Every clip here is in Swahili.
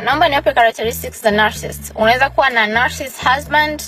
Haya, naomba niwape characteristics za narcissist. Unaweza kuwa na narcissist husband,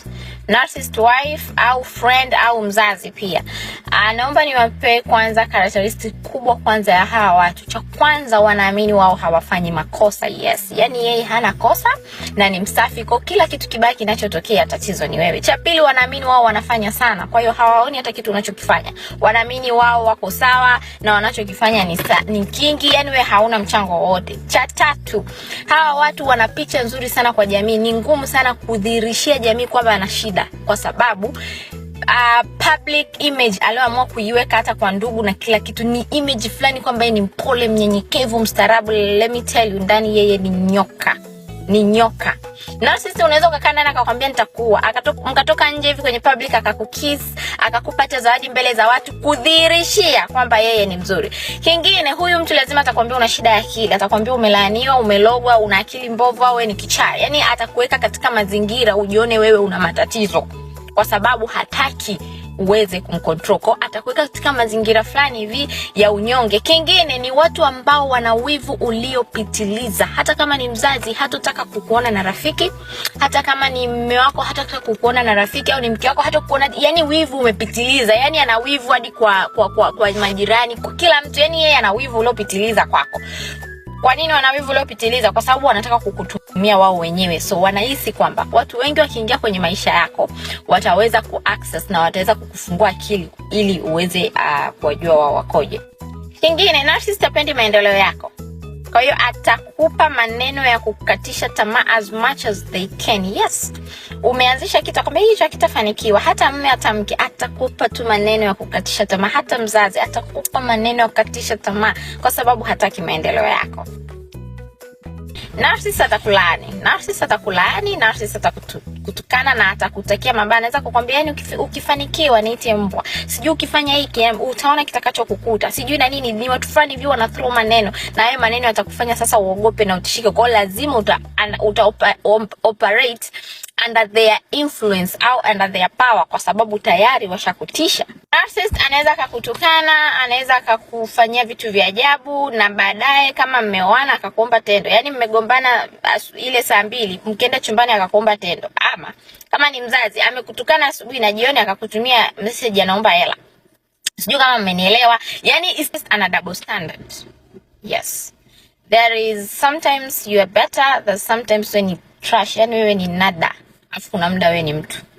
narcissist wife au friend au mzazi pia. uh, Naomba niwape kwanza characteristic kubwa kwanza ya hawa watu. Cha kwanza, wanaamini wao hawafanyi makosa. Yes, yani yeye hana kosa na ni msafi, kwa kila kitu kibaya kinachotokea tatizo ni wewe. Cha pili, wanaamini wao wanafanya sana, kwa hiyo hawaoni hata kitu unachokifanya. Wanaamini wao wako sawa na wanachokifanya ni, ni kingi, yani wewe hauna mchango wowote. Cha tatu, hawa watu wana picha nzuri sana kwa jamii, ni ngumu sana kudhirishia jamii kwamba ana shida kupenda kwa sababu uh, public image aliyoamua kuiweka hata kwa ndugu na kila kitu ni image fulani kwamba ni mpole mnyenyekevu mstaarabu let me tell you ndani yeye ni nyoka ni nyoka. Narcissist unaweza ukakaa naye akakwambia nitakuwa, akatoka mkatoka nje hivi kwenye public akakukiss, akakupata zawadi mbele za watu kudhihirishia kwamba yeye ni mzuri. Kingine huyu mtu lazima atakwambia una shida ya akili, atakwambia umelaaniwa, umelogwa, una akili mbovu au ni kichaa. Yaani atakuweka katika mazingira ujione wewe una matatizo kwa sababu hataki uweze kumcontrol kwao, atakuweka katika mazingira fulani hivi ya unyonge. Kingine ni watu ambao wana wivu uliopitiliza. Hata kama ni mzazi, hatotaka kukuona na rafiki, hata kama ni mume wako, hatotaka kukuona na rafiki, au ni mke wako, hata Yani wivu umepitiliza, yani ana wivu hadi kwa, kwa, kwa, kwa majirani, kwa kila mtu, yani yeye ana wivu uliopitiliza kwako. Kwa nini wanawivu leo uliopitiliza? Kwa sababu wanataka kukutumia wao wenyewe, so wanahisi kwamba watu wengi wakiingia kwenye maisha yako wataweza kuaccess na wataweza kukufungua akili ili uweze uh, kuwajua wao wakoje. Kingine, narcissist hapendi maendeleo yako. Kwa hiyo atakupa maneno ya kukatisha tamaa as much as they can. Yes, umeanzisha kitu akwambia hicho akitafanikiwa hata mme atamke, atakupa tu maneno ya kukatisha tamaa. Hata mzazi atakupa maneno ya kukatisha tamaa, kwa sababu hataki maendeleo yako narcissist atakulani narcissist atakulani narcissist atakutukana na atakutakia mabaya. Anaweza kukwambia yani, ukifanikiwa niite mbwa, sijui ukifanya hiki utaona kitakacho kukuta, sijui na nini. Ni watu fulani hivi wana throw maneno, na hayo maneno yatakufanya sasa uogope na utishike. Kwa lazima uta, uta operate under their influence au under their power, kwa sababu tayari washakutisha. Narcissist anaweza akakutukana, anaweza akakufanyia vitu vya ajabu, na baadaye kama mmeoana akakuomba tendo, yaani mmegombana ile saa mbili, mkienda chumbani akakuomba tendo, ama kama ni mzazi amekutukana asubuhi na jioni akakutumia message anaomba hela. Sijui kama mmenielewa, yaani just ana double standard. Yes, there is sometimes you are better than sometimes when you trash, yani wewe ni nada afu kuna muda we ni mtu